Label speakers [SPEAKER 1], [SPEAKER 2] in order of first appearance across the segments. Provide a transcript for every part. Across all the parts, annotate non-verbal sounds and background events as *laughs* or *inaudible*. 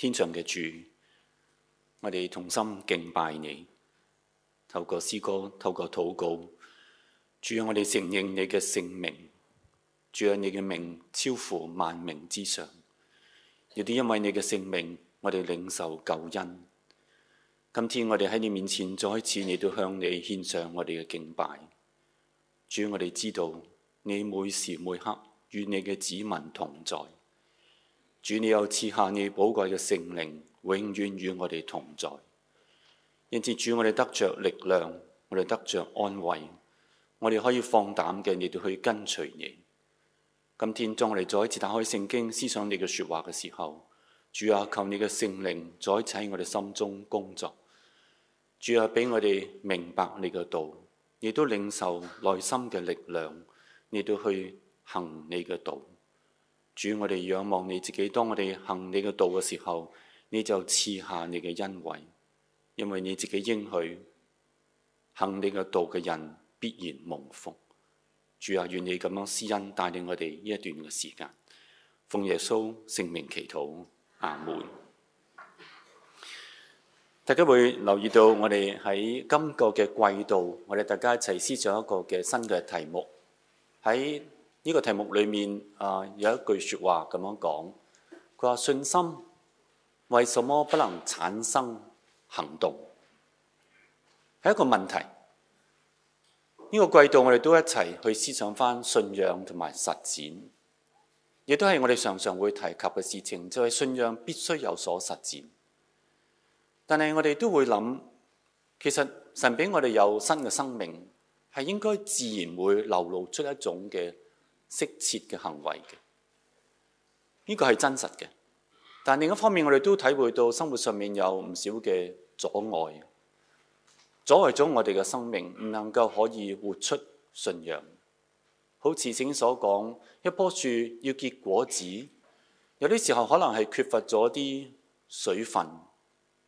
[SPEAKER 1] 天上的主，我哋同心敬拜你。透過詩歌，透過禱告，主啊，我哋承認你嘅聖名。主啊，你嘅名超乎萬名之上。亦都因為你嘅聖名，我哋領受救恩。今天我哋喺你面前再，再一次嚟到向你獻上我哋嘅敬拜。主啊，我哋知道你每時每刻與你嘅子民同在。主，你有賜下你寶貴嘅聖靈，永遠與我哋同在。因此，主，我哋得着力量，我哋得着安慰，我哋可以放膽嘅嚟到去跟隨你。今天，當我哋再一次打開聖經，思想你嘅說話嘅時候，主啊，求你嘅聖靈再一次喺我哋心中工作。主啊，俾我哋明白你嘅道，亦都領受內心嘅力量，嚟到去行你嘅道。主，我哋仰望你自己。當我哋行你嘅道嘅時候，你就賜下你嘅恩惠，因為你自己應許，行你嘅道嘅人必然蒙福。主啊，願你咁樣施恩帶領我哋呢一段嘅時間。奉耶穌聖名祈禱，阿門。大家會留意到，我哋喺今個嘅季度，我哋大家一齊思想一個嘅新嘅題目喺。呢個題目裡面啊，有一句説話咁樣講，佢話信心為什麼不能產生行動？係一個問題。呢個季度我哋都一齊去思想返信仰同埋實踐，亦都係我哋常常會提及嘅事情，就係信仰必須有所實踐。但係我哋都會諗，其實神俾我哋有新嘅生命，係應該自然會流露出一種嘅適切嘅行為嘅，呢個係真實嘅。但另一方面，我哋都體會到生活上面有唔少嘅阻礙，阻礙咗我哋嘅生命唔能夠可以活出信仰。好似聖經所講，一棵樹要結果子，有啲時候可能係缺乏咗啲水分，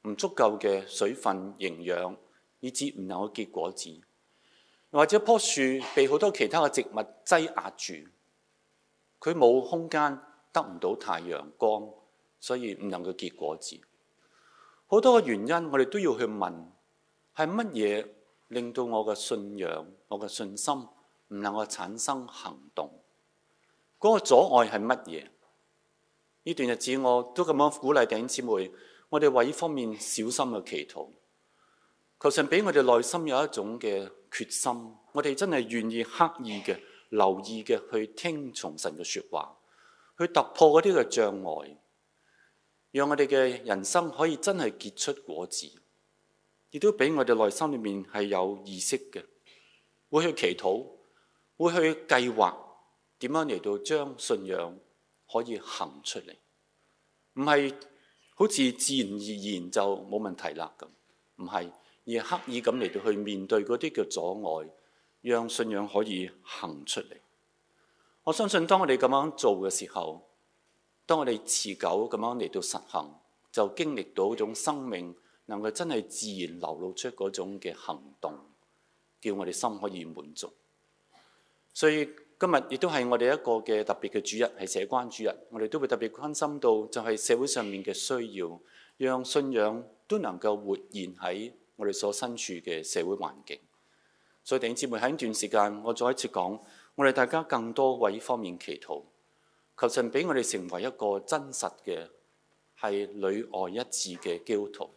[SPEAKER 1] 唔足夠嘅水分營養，以至唔能夠結果子。或者樖樹被好多其他嘅植物擠壓住，佢冇空間，得唔到太陽光，所以唔能夠結果子。好多嘅原因，我哋都要去問，係乜嘢令到我嘅信仰、我嘅信心唔能夠產生行動？嗰個阻礙係乜嘢？呢段日子我都咁樣鼓勵弟兄姊妹，我哋為呢方面小心嘅祈禱。求神俾我哋內心有一種嘅決心，我哋真係願意刻意嘅留意嘅去聽從神嘅說話，去突破嗰啲嘅障礙，讓我哋嘅人生可以真係結出果子，亦都俾我哋內心裏面係有意識嘅會去祈禱，會去計劃點樣嚟到將信仰可以行出嚟，唔係好似自然而然就冇問題啦咁，唔係。而刻意咁嚟到去面對嗰啲叫阻礙，讓信仰可以行出嚟。我相信當我哋咁樣做嘅時候，當我哋持久咁樣嚟到實行，就經歷到一種生命能夠真係自然流露出嗰種嘅行動，叫我哋心可以滿足。所以今日亦都係我哋一個嘅特別嘅主日，係社關主日，我哋都會特別關心到就係社會上面嘅需要，讓信仰都能夠活現喺我哋所身處嘅社會環境，所以弟兄姊妹喺呢段時間，我再一次講，我哋大家更多為呢方面祈禱，求神俾我哋成為一個真實嘅係裏外一致嘅基督徒，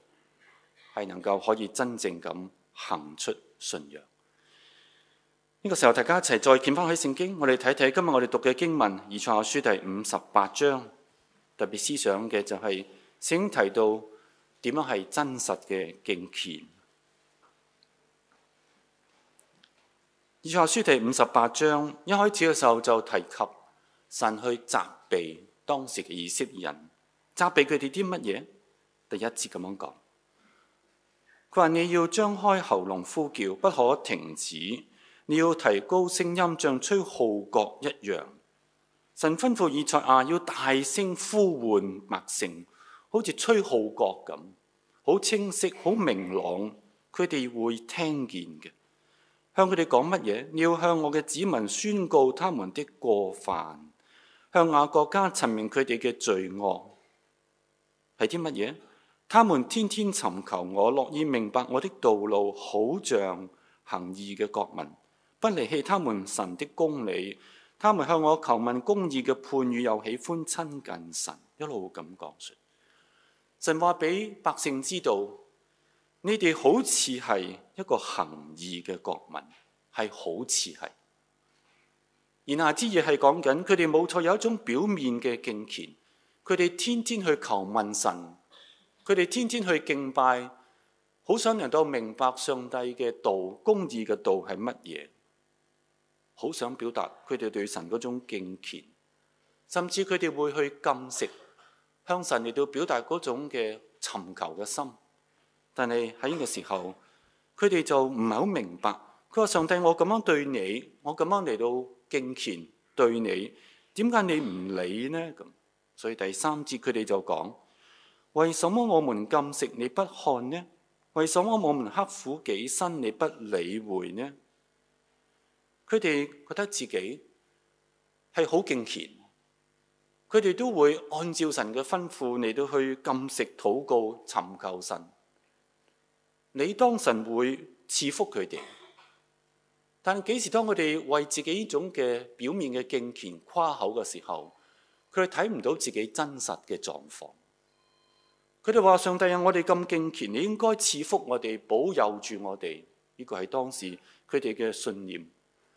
[SPEAKER 1] 係能夠可以真正咁行出信仰。呢個時候，大家一齊再見翻喺聖經，我哋睇睇今日我哋讀嘅經文，以賽亞書第五十八章特別思想嘅就係聖經提到點樣係真實嘅敬虔。以賽亞書第五十八章一開始嘅時候就提及神去責備當時嘅以色列人，責備佢哋啲乜嘢？第一節咁樣講，佢話，你要張開喉嚨呼叫，不可停止，你要提高聲音，像吹號角一樣。神吩咐以賽亞要大聲呼喚百姓，好似吹號角咁，好清晰，好明朗，佢哋會聽見嘅。向佢哋講乜嘢？要向我嘅子民宣告他們的過犯，向雅各家陳明佢哋嘅罪惡係啲乜嘢？他們天天尋求我，樂意明白我的道路，好像行義嘅國民，不離棄他們神的公理。他們向我求問公義嘅判語，又喜歡親近神。一路咁講說，神話俾百姓知道。你哋好似係一個行義嘅國民，係好似係。言下之意係講緊，佢哋冇錯，有一種表面嘅敬虔，佢哋天天去求問神，佢哋天天去敬拜，好想能夠明白上帝嘅道、公義嘅道係乜嘢，好想表達佢哋對神嗰種敬虔，甚至佢哋會去禁食，向神嚟到表達嗰種嘅尋求嘅心。但係喺呢個時候，佢哋就唔係好明白。佢話上帝，我咁樣對你，我咁樣嚟到敬虔對你，點解你唔理呢？咁所以第三節佢哋就講：為什麼我們禁食你不看呢？為什麼我們刻苦己身你不理會呢？佢哋覺得自己係好敬虔，佢哋都會按照神嘅吩咐嚟到去禁食禱告尋求神。你當神會賜福佢哋，但幾時當佢哋為自己呢種嘅表面嘅敬虔誇口嘅時候，佢哋睇唔到自己真實嘅狀況。佢哋話：上帝有、啊、我哋咁敬虔，你應該賜福我哋，保佑住我哋。呢個係當時佢哋嘅信念。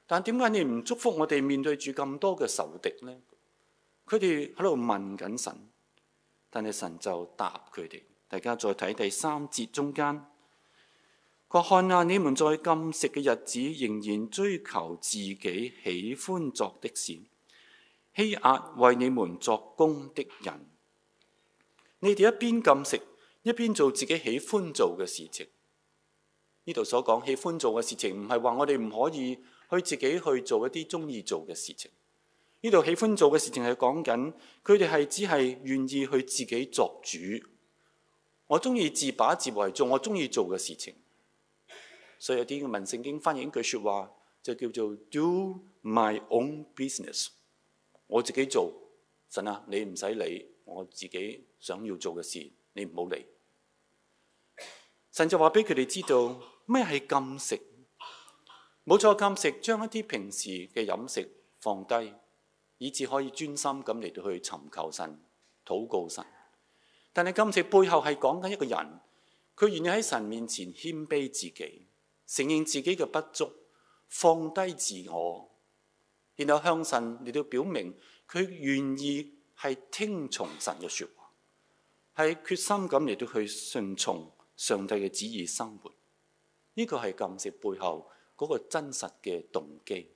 [SPEAKER 1] 但點解你唔祝福我哋？面對住咁多嘅仇敵咧，佢哋喺度問緊神，但係神就答佢哋。大家再睇第三節中間。看哪！你們在禁食嘅日子，仍然追求自己喜歡作的事，欺壓為你們作工的人。你哋一邊禁食，一邊做自己喜歡做嘅事情。呢度所講喜歡做嘅事情，唔係話我哋唔可以去自己去做一啲中意做嘅事情。呢度喜歡做嘅事情係講緊佢哋係只係願意去自己作主。我中意自把自為做，我中意做嘅事情。所以有啲嘅文聖經翻譯一句說話就叫做 Do my own business，我自己做神啊，你唔使理，我自己想要做嘅事，你唔好理。神就話俾佢哋知道咩係禁食。冇錯，禁食將一啲平時嘅飲食放低，以至可以專心咁嚟到去尋求神、禱告神。但係禁食背後係講緊一個人，佢願意喺神面前謙卑自己。承認自己嘅不足，放低自我，然後向神嚟到表明佢願意係聽從神嘅說話，係決心咁嚟到去順從上帝嘅旨意生活。呢、這個係禁食背後嗰個真實嘅動機。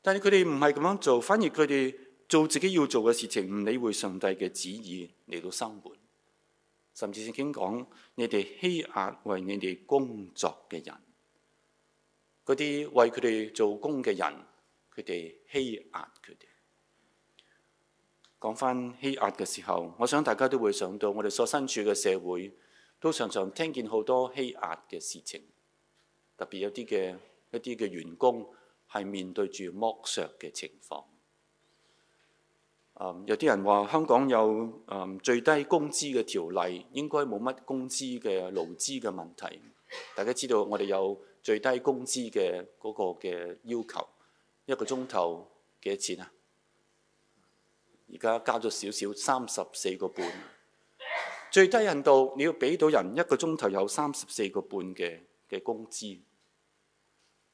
[SPEAKER 1] 但係佢哋唔係咁樣做，反而佢哋做自己要做嘅事情，唔理會上帝嘅旨意嚟到生活。甚至已經講，你哋欺壓為你哋工作嘅人，嗰啲為佢哋做工嘅人，佢哋欺壓佢哋。講返欺壓嘅時候，我想大家都會想到，我哋所身處嘅社會，都常常聽見好多欺壓嘅事情，特別有啲嘅一啲嘅員工係面對住剝削嘅情況。有啲人話香港有最低工資嘅條例，應該冇乜工資嘅勞資嘅問題。大家知道我哋有最低工資嘅嗰個嘅要求，一個鐘頭幾多錢啊？而家加咗少少，三十四個半。最低限度你要俾到人一個鐘頭有三十四個半嘅嘅工資，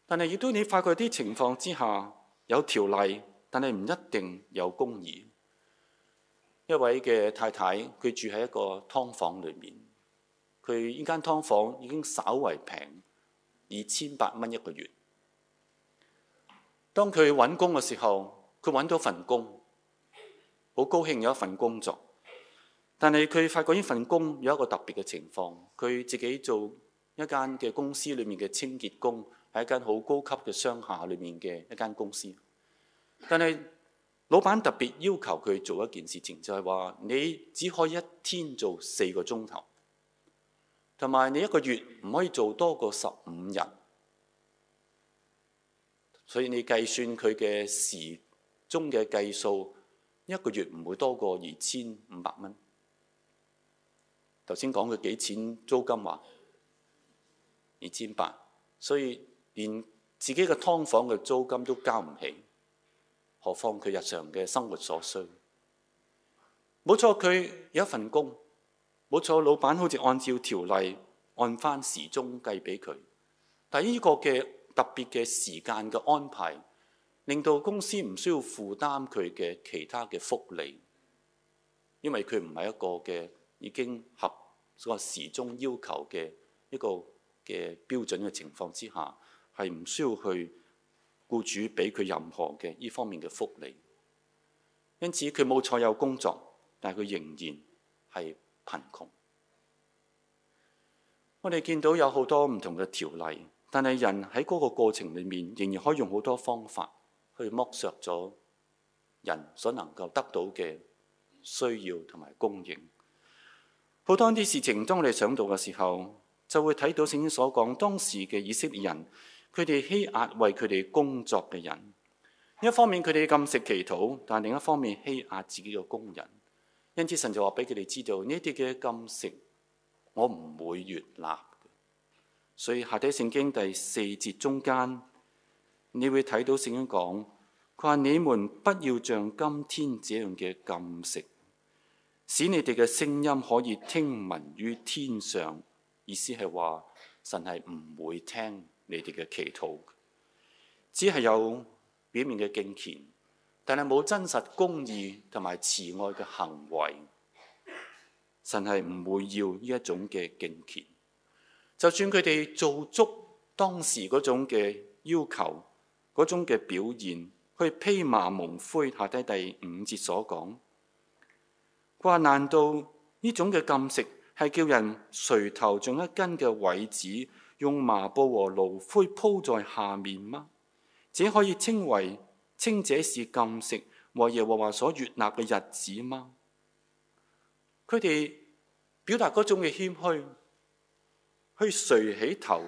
[SPEAKER 1] 但係亦都你發覺啲情況之下有條例，但係唔一定有公義。一位嘅太太，佢住喺一個劏房裏面。佢呢間劏房已經稍為平，二千八蚊一個月。當佢揾工嘅時候，佢揾到份工，好高興有一份工作。但係佢發覺呢份工有一個特別嘅情況，佢自己做一間嘅公司裏面嘅清潔工，係一間好高級嘅商廈裏面嘅一間公司。但係，老闆特別要求佢做一件事情，就係話你只可以一天做四個鐘頭，同埋你一個月唔可以做多過十五日。所以你計算佢嘅時鐘嘅計數，一個月唔會多過二千五百蚊。頭先講佢幾錢租金話二千八，所以連自己嘅劏房嘅租金都交唔起。何況佢日常嘅生活所需，冇錯，佢有一份工，冇錯，老闆好似按照條例按翻時鐘計俾佢。但係呢個嘅特別嘅時間嘅安排，令到公司唔需要負擔佢嘅其他嘅福利，因為佢唔係一個嘅已經合個時鐘要求嘅一個嘅標準嘅情況之下，係唔需要去。僱主俾佢任何嘅呢方面嘅福利，因此佢冇再有工作，但係佢仍然係貧窮。我哋見到有好多唔同嘅條例，但係人喺嗰個過程裏面仍然可以用好多方法去剝削咗人所能夠得到嘅需要同埋供應。好多啲事情當我哋想到嘅時候，就會睇到聖經所講當時嘅以色列人。佢哋欺壓為佢哋工作嘅人，一方面佢哋禁食祈禱，但係另一方面欺壓自己嘅工人。因此，神就話俾佢哋知道呢啲嘅禁食，我唔會悅納。所以下底聖經第四節中間，你會睇到聖經講佢話：你們不要像今天這樣嘅禁食，使你哋嘅聲音可以聽聞於天上。意思係話神係唔會聽。你哋嘅祈禱只係有表面嘅敬虔，但係冇真實公義同埋慈愛嘅行為，神係唔會要呢一種嘅敬虔。就算佢哋做足當時嗰種嘅要求、嗰種嘅表現，去披麻蒙灰，下低第五節所講，話難道呢種嘅禁食，係叫人垂頭像一根嘅葦子，用麻布和爐灰鋪在下面嗎？這可以稱為清者是禁食和耶和華所悅納嘅日子嗎？佢哋表達嗰種嘅謙虛，去垂起頭，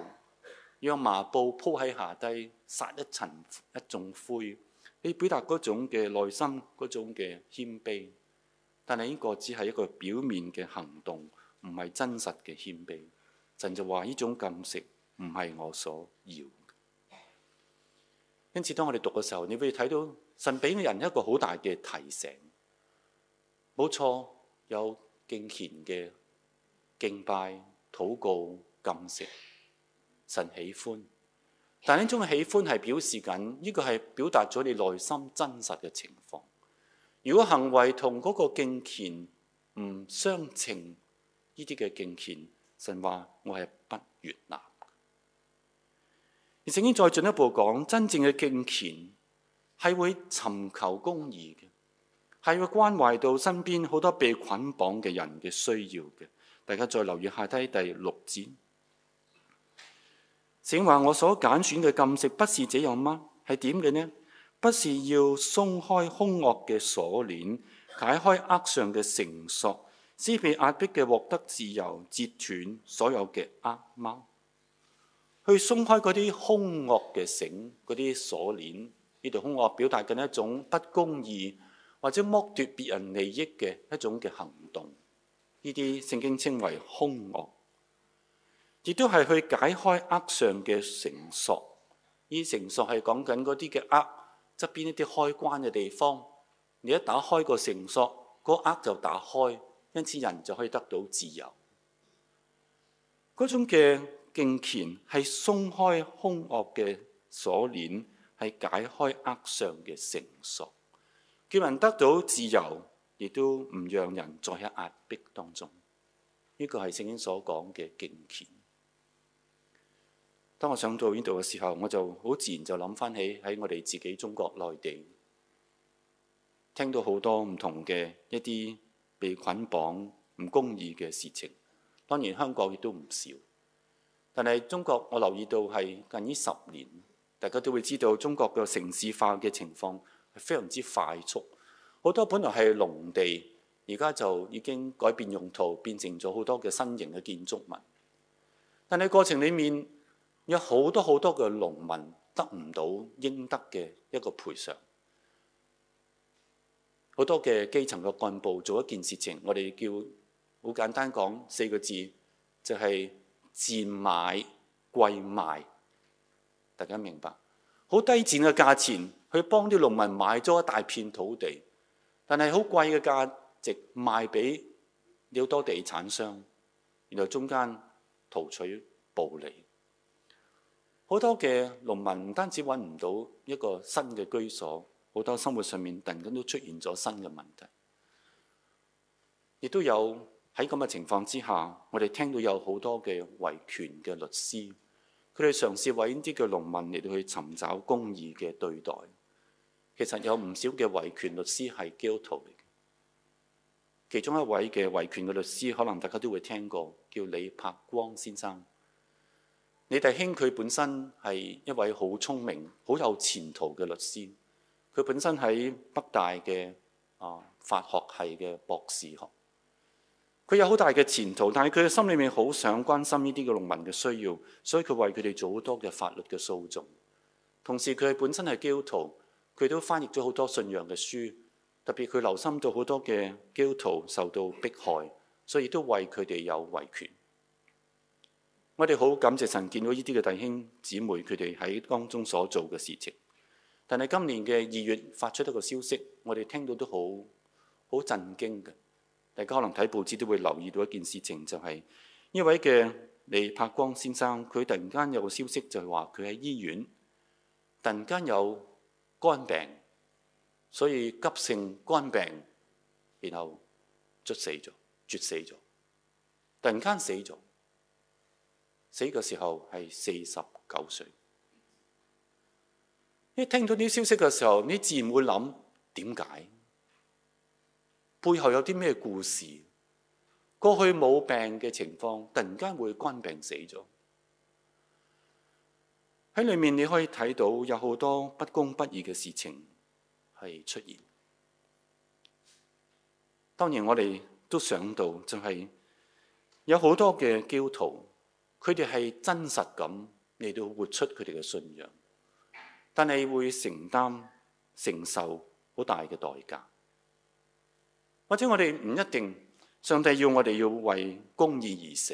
[SPEAKER 1] 讓麻布鋪喺下低，撒一層一縱灰，你表達嗰種嘅內心嗰種嘅謙卑。但係呢個只係一個表面嘅行動。唔係真實嘅謙卑，神就話：呢種禁食唔係我所要。因此，當我哋讀嘅時候，你可以睇到神俾人一個好大嘅提醒。冇錯，有敬虔嘅敬拜、禱告、禁食，神喜歡。但呢種喜歡係表示緊呢、這個係表達咗你內心真實嘅情況。如果行為同嗰個敬虔唔相稱，呢啲嘅敬虔，神話我係不悅納。而聖經再進一步講，真正嘅敬虔係會尋求公義嘅，係會關懷到身邊好多被捆綁嘅人嘅需要嘅。大家再留意下睇第六節。神話我所揀選嘅禁食不是這樣嗎？係點嘅呢？不是要鬆開兇惡嘅鎖鏈，解開軛上嘅繩索。使被壓迫嘅獲得自由，截斷所有嘅軛貓，去鬆開嗰啲兇惡嘅繩，嗰啲鎖鏈。呢條兇惡表達緊一種不公義，或者剝奪別人利益嘅一種嘅行動。呢啲聖經稱為兇惡，亦都係去解開軛上嘅繩索。呢繩索係講緊嗰啲嘅軛側邊一啲開關嘅地方。你一打開個繩索，個軛就打開。因此人就可以得到自由。嗰種嘅敬虔係鬆開兇惡嘅鎖鏈，係解開軛上嘅繩索。叫人得到自由，亦都唔讓人再喺壓迫當中。呢個係聖經所講嘅敬虔。當我想到呢度嘅時候，我就好自然就諗返起喺我哋自己中國內地聽到好多唔同嘅一啲。被捆綁唔公義嘅事情，當然香港亦都唔少。但係中國，我留意到係近呢十年，大家都會知道中國嘅城市化嘅情況係非常之快速。好多本來係農地，而家就已經改變用途，變成咗好多嘅新型嘅建築物。但係過程裡面有好多好多嘅農民得唔到應得嘅一個賠償。好多嘅基層嘅幹部做一件事情，我哋叫好簡單講四個字，就係、是、賤買貴賣。大家明白？好低賤嘅價錢去幫啲農民買咗一大片土地，但係好貴嘅價值賣俾好多地產商，然後中間圖取暴利。好多嘅農民唔單止揾唔到一個新嘅居所。好多生活上面突然間都出現咗新嘅問題，亦都有喺咁嘅情況之下，我哋聽到有好多嘅維權嘅律師，佢哋嘗試為呢啲嘅農民嚟到去尋找公義嘅對待。其實有唔少嘅維權律師係基督徒嚟嘅，其中一位嘅維權嘅律師，可能大家都會聽過，叫李柏光先生。李弟兄佢本身係一位好聰明、好有前途嘅律師。佢本身喺北大嘅，啊，法學系嘅博士學，佢有好大嘅前途，但係佢嘅心裏面好想關心呢啲嘅農民嘅需要，所以佢為佢哋做好多嘅法律嘅訴訟。同時佢本身係基督徒，佢都翻譯咗好多信仰嘅書，特別佢留心到好多嘅基督徒受到迫害，所以都為佢哋有維權。我哋好感謝神，見到呢啲嘅弟兄姊妹，佢哋喺當中所做嘅事情。但係今年嘅二月發出一個消息，我哋聽到都好好震驚嘅。大家可能睇報紙都會留意到一件事情，就係呢位嘅李柏光先生，佢突然間有個消息就係話佢喺醫院突然間有肝病，所以急性肝病，然後卒死咗、絕死咗，突然間死咗，死嘅時候係四十九歲。你聽到啲消息嘅時候，你自然會諗點解背後有啲咩故事？過去冇病嘅情況，突然間會患病死咗。喺裏面你可以睇到有好多不公不義嘅事情係出現。當然，我哋都想到就係、是、有好多嘅教徒，佢哋係真實咁嚟到活出佢哋嘅信仰。但係會承擔承受好大嘅代價，或者我哋唔一定，上帝要我哋要為公義而死，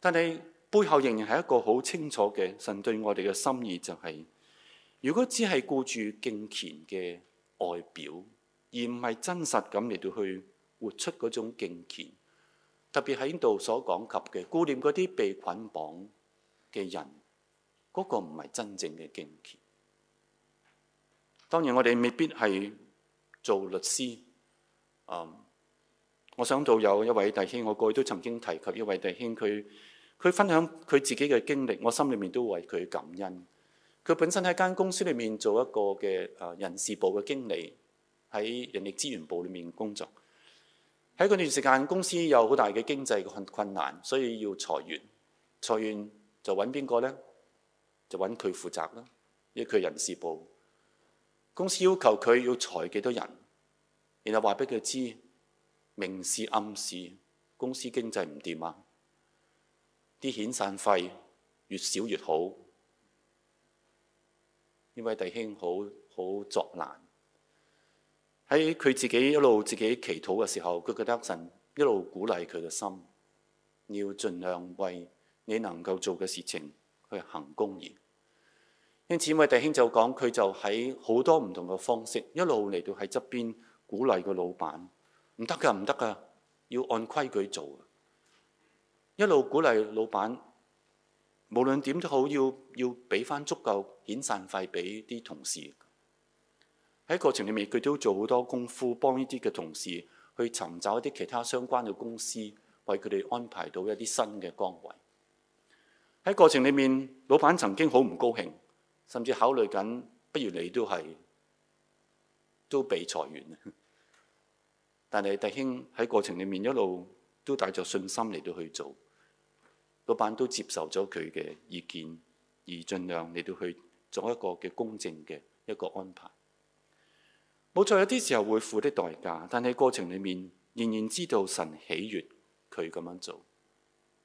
[SPEAKER 1] 但係背後仍然係一個好清楚嘅神對我哋嘅心意，就是，就係如果只係顧住敬虔嘅外表，而唔係真實咁嚟到去活出嗰種敬虔，特別喺呢度所講及嘅顧念嗰啲被捆綁嘅人。嗰個唔係真正嘅敬虔。當然，我哋未必係做律師。嗯，我想到有一位弟兄，我過去都曾經提及一位弟兄，佢佢分享佢自己嘅經歷，我心裏面都為佢感恩。佢本身喺間公司裏面做一個嘅誒人事部嘅經理，喺人力資源部裏面工作。喺嗰段時間，公司有好大嘅經濟困困難，所以要裁員。裁員就揾邊個呢？就揾佢負責啦，因為佢人事部，公司要求佢要裁幾多人，然後話俾佢知，明示暗示公司經濟唔掂啊！啲遣散費越少越好。呢位弟兄好好作難，喺佢自己一路自己祈禱嘅時候，佢覺得神一路鼓勵佢嘅心，要盡量為你能夠做嘅事情去行公義。因此，位弟兄就講：佢就喺好多唔同嘅方式一路嚟到喺側邊鼓勵個老闆，唔得㗎，唔得㗎，要按規矩做。一路鼓勵老闆，無論點都好，要要俾返足夠遣散費俾啲同事。喺過程裡面，佢都做好多功夫，幫呢啲嘅同事去尋找一啲其他相關嘅公司，為佢哋安排到一啲新嘅崗位。喺過程裡面，老闆曾經好唔高興。甚至考慮緊，不如你都係都被裁員。 *laughs* 但係，弟兄喺過程裡面一路都帶着信心嚟到去做，老闆都接受咗佢嘅意見，而盡量嚟到去做一個嘅公正嘅一個安排。冇錯，有啲時候會付啲代價，但係過程裡面仍然知道神喜悅佢咁樣做，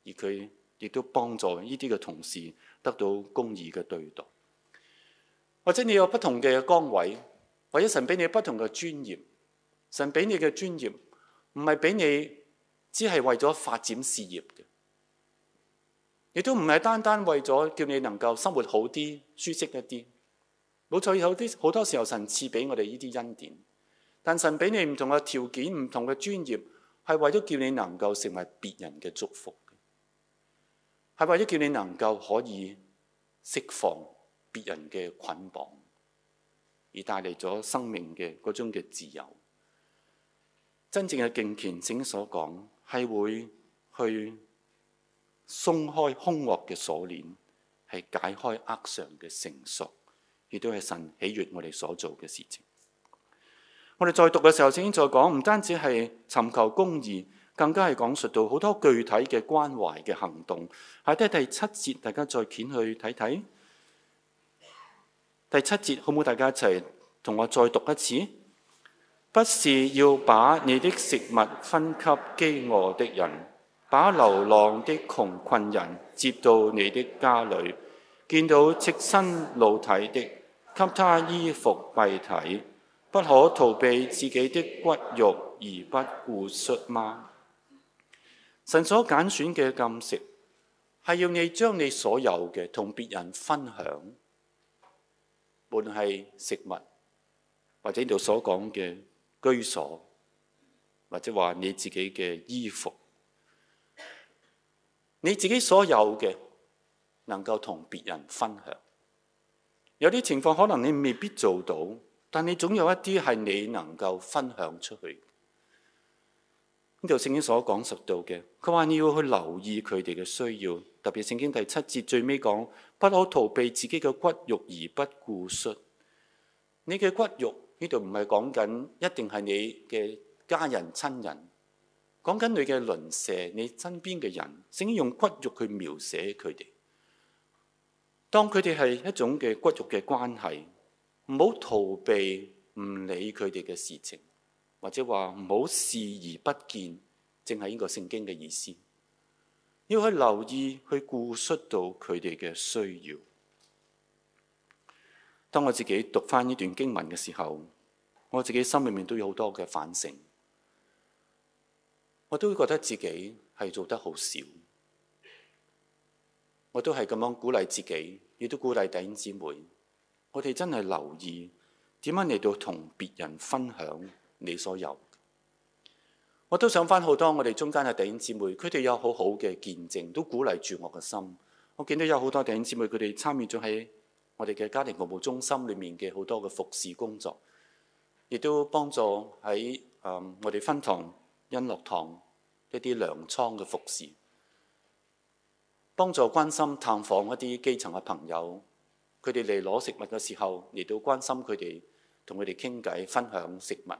[SPEAKER 1] 而佢亦都幫助呢啲嘅同事得到公義嘅對待。或者你有不同嘅崗位，或者神俾你不同嘅專業，神俾你嘅專業唔係俾你只係為咗發展事業嘅，亦都唔係單單為咗叫你能夠生活好啲、舒適一啲。冇錯，有好多時候神賜俾我哋呢啲恩典，但神俾你唔同嘅條件、唔同嘅專業，係為咗叫你能夠成為別人嘅祝福，係為咗叫你能夠可以釋放別人嘅捆綁，而帶嚟咗生命嘅嗰種嘅自由。真正嘅敬虔，聖經所講係會去鬆開凶惡嘅鎖鏈，係解開扼上嘅成熟，亦都係神喜悅我哋所做嘅事情。我哋再讀嘅時候，聖經再講唔單止係尋求公義，更加係講述到好多具體嘅關懷嘅行動。喺第第七節，大家再掀去睇睇。第七節好唔好？可唔可以大家一齊同我再讀一次。不是要把你的食物分給飢餓的人，把流浪的窮困人接到你的家裏，見到赤身露體的，給他衣服蔽體，不可逃避自己的骨肉而不顧恤嗎？ *noise* 神所揀選嘅禁食，係要你將你所有嘅同別人分享。無論係食物，或者呢度所講嘅居所，或者話你自己嘅衣服，你自己所有嘅能夠同別人分享。有啲情況可能你未必做到，但你總有一啲係你能夠分享出去。呢度聖經所講述到嘅，佢話你要去留意佢哋嘅需要，特別聖經第七節最尾講，不可逃避自己嘅骨肉而不顧恤。你嘅骨肉呢度唔係講緊一定係你嘅家人親人，講緊你嘅鄰舍，你身邊嘅人。聖經用骨肉去描寫佢哋，當佢哋係一種嘅骨肉嘅關係，唔好逃避唔理佢哋嘅事情。或者話唔好視而不見，淨係呢個聖經嘅意思。要去留意去顧恤到佢哋嘅需要。當我自己讀翻呢段經文嘅時候，我自己心裏面都有好多嘅反省。我都會覺得自己係做得好少。我都係咁樣鼓勵自己，亦都鼓勵弟兄姊妹。我哋真係留意點樣嚟到同別人分享。你所有我都想翻好多，我哋中間嘅弟兄姊妹，佢哋有好好嘅見證，都鼓勵住我嘅心。我見到有好多弟兄姊妹，佢哋參與咗喺我哋嘅家庭服務中心裏面嘅好多嘅服侍工作，亦都幫助喺誒、嗯、我哋分堂、欣樂堂一啲糧倉嘅服侍，幫助關心探訪一啲基層嘅朋友。佢哋嚟攞食物嘅時候，嚟到關心佢哋，同佢哋傾偈，分享食物。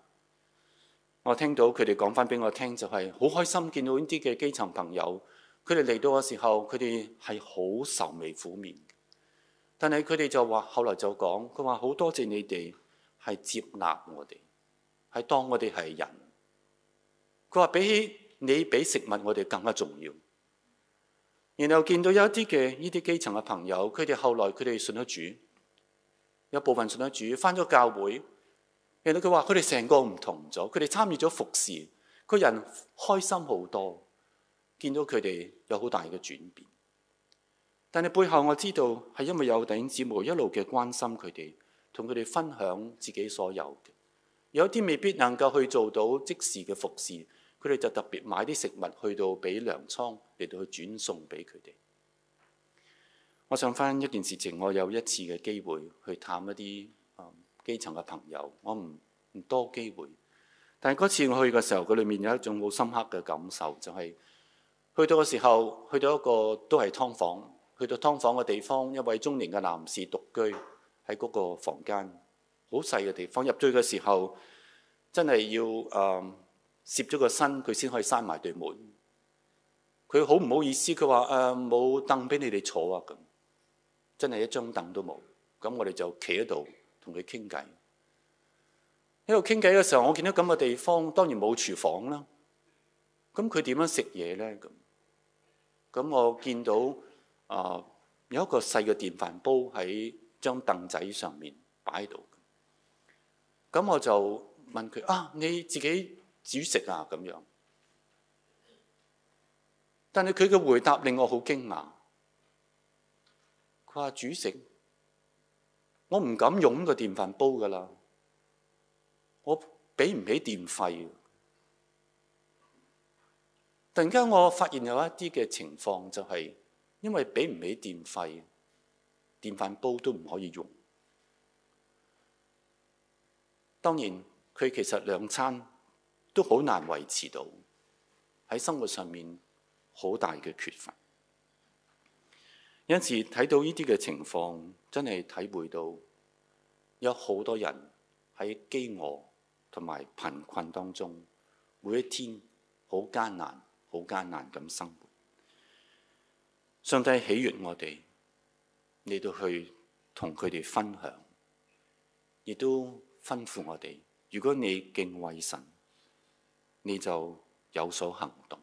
[SPEAKER 1] 我聽到佢哋講翻俾我聽，就係好開心見到呢啲嘅基層朋友。佢哋嚟到嘅時候，佢哋係好愁眉苦臉。但係佢哋就話，後來就講，佢話好多謝你哋係接納我哋，係當我哋係人。佢話比起你俾食物，我哋更加重要。然後見到一後有一啲嘅呢啲基層嘅朋友，佢哋後來佢哋信咗主，有部分信咗主，翻咗教會。原來佢話佢哋成個唔同咗，佢哋參與咗服侍，個人開心好多，見到佢哋有好大嘅轉變。但係背後我知道係因為有弟兄姊妹一路嘅關心佢哋，同佢哋分享自己所有嘅。有啲未必能夠去做到即時嘅服侍，佢哋就特別買啲食物去到俾糧倉嚟到去轉送俾佢哋。我想翻一件事情，我有一次嘅機會去探一啲。嗯基層嘅朋友，我唔唔多機會，但係嗰次我去嘅時候，佢裡面有一種好深刻嘅感受，就係去到嘅時候，去到一個都係劏房，去到劏房嘅地方，一位中年嘅男士獨居喺嗰個房間，好細嘅地方。入去嘅時候，真係要誒攝咗個身，佢先可以閂埋對門。佢好唔好意思，佢話誒冇凳俾你哋坐啊，咁，真係一張凳都冇。咁我哋就企喺度。同佢傾偈，喺度傾偈嘅時候，我見到咁嘅地方，當然冇廚房啦。咁佢點樣食嘢咧？咁咁我見到啊、呃，有一個細嘅電飯煲喺張凳仔上面擺喺度。咁我就問佢：啊，你自己煮食啊？咁樣。但係佢嘅回答令我好驚訝。佢話煮食。我唔敢用呢個電飯煲㗎喇，我俾唔起電費。突然間，我發現有一啲嘅情況就係，因為俾唔起電費，電飯煲都唔可以用。當然，佢其實兩餐都好難維持到，喺生活上面好大嘅缺乏。因此睇到呢啲嘅情況，真係體會到有好多人喺飢餓同埋貧困當中，每一天好艱難、好艱難咁生活。上帝喜悅我哋，你都去同佢哋分享，亦都吩咐我哋：如果你敬畏神，你就有所行動。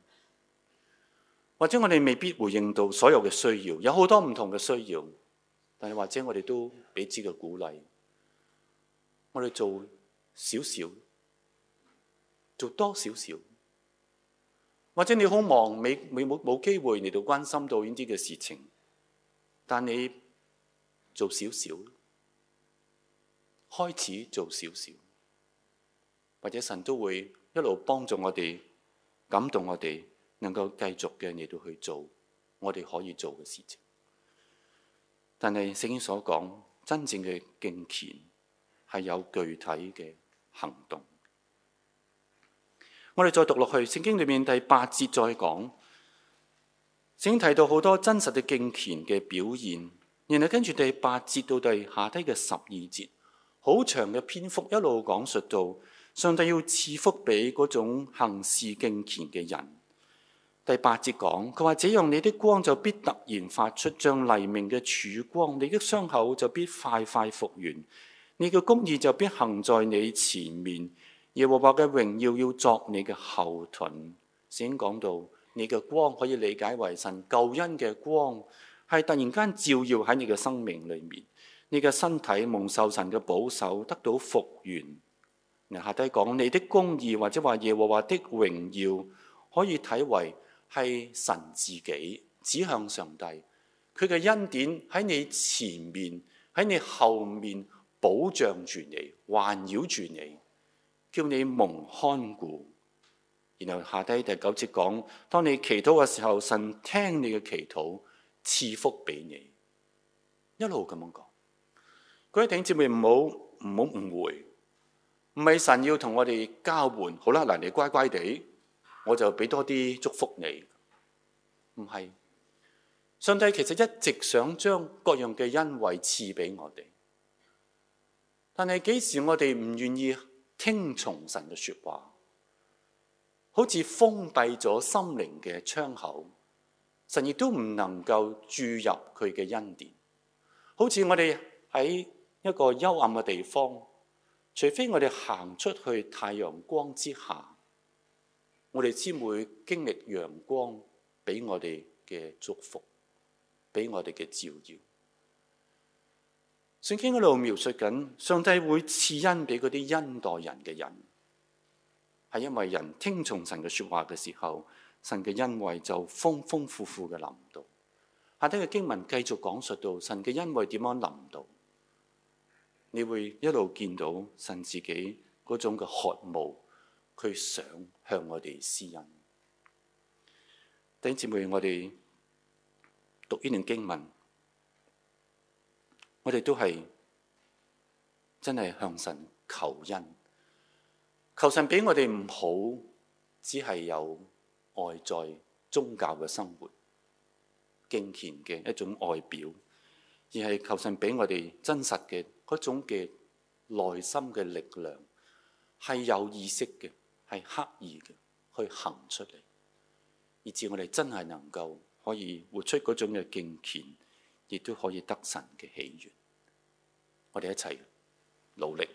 [SPEAKER 1] 或者我哋未必回應到所有嘅需要，有好多唔同嘅需要，但係或者我哋都俾自己嘅鼓勵，我哋做少少，做多少少，或者你好忙，未未冇冇機會嚟到關心到呢啲嘅事情，但你做少少，開始做少少，或者神都會一路幫助我哋，感動我哋。能夠繼續嘅嘢，都去做，我哋可以做嘅事情。但係聖經所講，真正嘅敬虔係有具體嘅行動。我哋再讀落去，聖經裏面第八節再講，聖經提到好多真實嘅敬虔嘅表現。然後跟住第八節到第下低嘅十二節，好長嘅篇幅一路講述到上帝要賜福俾嗰種行事敬虔嘅人。第八節講，佢話：這樣你的光就必突然發出，像黎明嘅曙光；你的傷口就必快快復原，你嘅公義就必行在你前面。耶和華嘅榮耀要作你嘅後盾。先講到你嘅光，可以理解為神救恩嘅光，係突然間照耀喺你嘅生命裏面，你嘅身體蒙受神嘅保守，得到復原。下低講你的公義，或者話耶和華的榮耀，可以睇為。係神自己指向上帝，佢嘅恩典喺你前面，喺你後面保障住你，環繞住你，叫你蒙看顧。然後下低第九節講，當你祈禱嘅時候，神聽你嘅祈禱，賜福俾你。一路咁樣講，各位弟兄姊妹唔好唔好誤會，唔係神要同我哋交換。好啦，嗱你乖乖地，我就俾多啲祝福你，唔係，上帝其實一直想將各樣嘅恩惠賜俾我哋，但係幾時我哋唔願意聽從神嘅說話，好似封閉咗心靈嘅窗口，神亦都唔能夠注入佢嘅恩典，好似我哋喺一個幽暗嘅地方，除非我哋行出去太陽光之下。我哋先會經歷陽光，俾我哋嘅祝福，俾我哋嘅照耀。聖經嗰度描述緊，上帝會賜恩俾嗰啲恩待人嘅人，係因為人聽從神嘅說話嘅時候，神嘅恩惠就豐豐富富嘅臨到。下底嘅經文繼續講述到神嘅恩惠點樣臨到，你會一路見到神自己嗰種嘅渴慕。佢想向我哋施恩，弟兄姊妹，我哋讀呢段經文，我哋都係真係向神求恩，求神俾我哋唔好，只係有外在宗教嘅生活，敬虔嘅一種外表，而係求神俾我哋真實嘅嗰種嘅內心嘅力量，係有意識嘅，係刻意嘅去行出嚟，以致我哋真係能夠可以活出嗰種嘅敬虔，亦都可以得神嘅喜悅。我哋一齊努力。